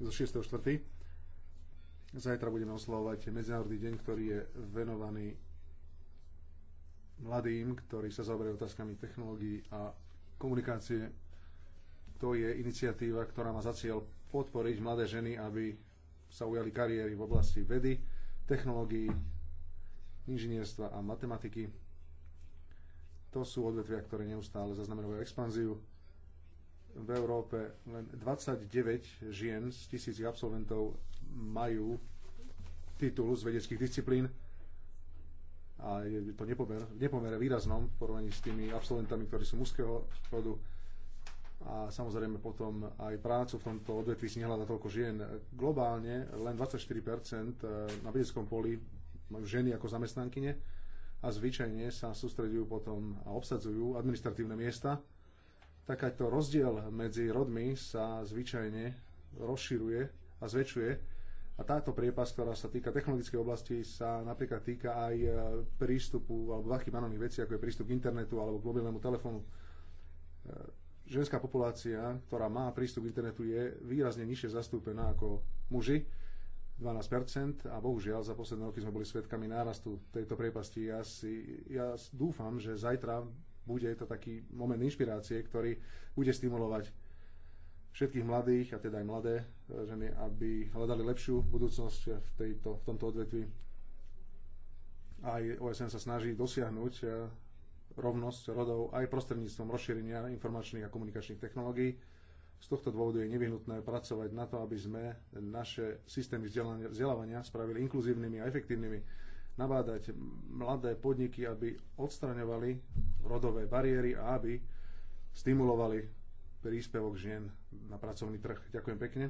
zo 6.4. Zajtra budeme oslavovať Medzinárodný deň, ktorý je venovaný mladým, ktorí sa zaoberajú otázkami technológií a komunikácie. To je iniciatíva, ktorá má za cieľ podporiť mladé ženy, aby sa ujali kariéry v oblasti vedy, technológií, inžinierstva a matematiky. To sú odvetvia, ktoré neustále zaznamenujú expanziu v Európe len 29 žien z tisíc absolventov majú titul z vedeckých disciplín a je to nepomer, nepomer výraznom v porovnaní s tými absolventami, ktorí sú mužského rodu a samozrejme potom aj prácu v tomto odvetví si nehľadá toľko žien. Globálne len 24% eh, na vedeckom poli majú ženy ako zamestnankyne a zvyčajne sa sústredujú potom a obsadzujú administratívne miesta, takáto rozdiel medzi rodmi sa zvyčajne rozširuje a zväčšuje a táto priepas, ktorá sa týka technologickej oblasti, sa napríklad týka aj e, prístupu alebo veľkých banálnych vecí, ako je prístup k internetu alebo k mobilnému telefónu. E, ženská populácia, ktorá má prístup k internetu, je výrazne nižšie zastúpená ako muži, 12%, a bohužiaľ za posledné roky sme boli svedkami nárastu tejto priepasti. Ja, si, ja dúfam, že zajtra bude to taký moment inšpirácie, ktorý bude stimulovať všetkých mladých, a teda aj mladé e, ženy, aby hľadali lepšiu budúcnosť v, tejto, v tomto odvetvi. Aj OSN sa snaží dosiahnuť e, rovnosť rodov aj prostredníctvom rozšírenia informačných a komunikačných technológií. Z tohto dôvodu je nevyhnutné pracovať na to, aby sme naše systémy vzdelávania spravili inkluzívnymi a efektívnymi, nabádať mladé podniky, aby odstraňovali rodové bariéry a aby stimulovali príspevok žien na pracovný trh. Ďakujem pekne.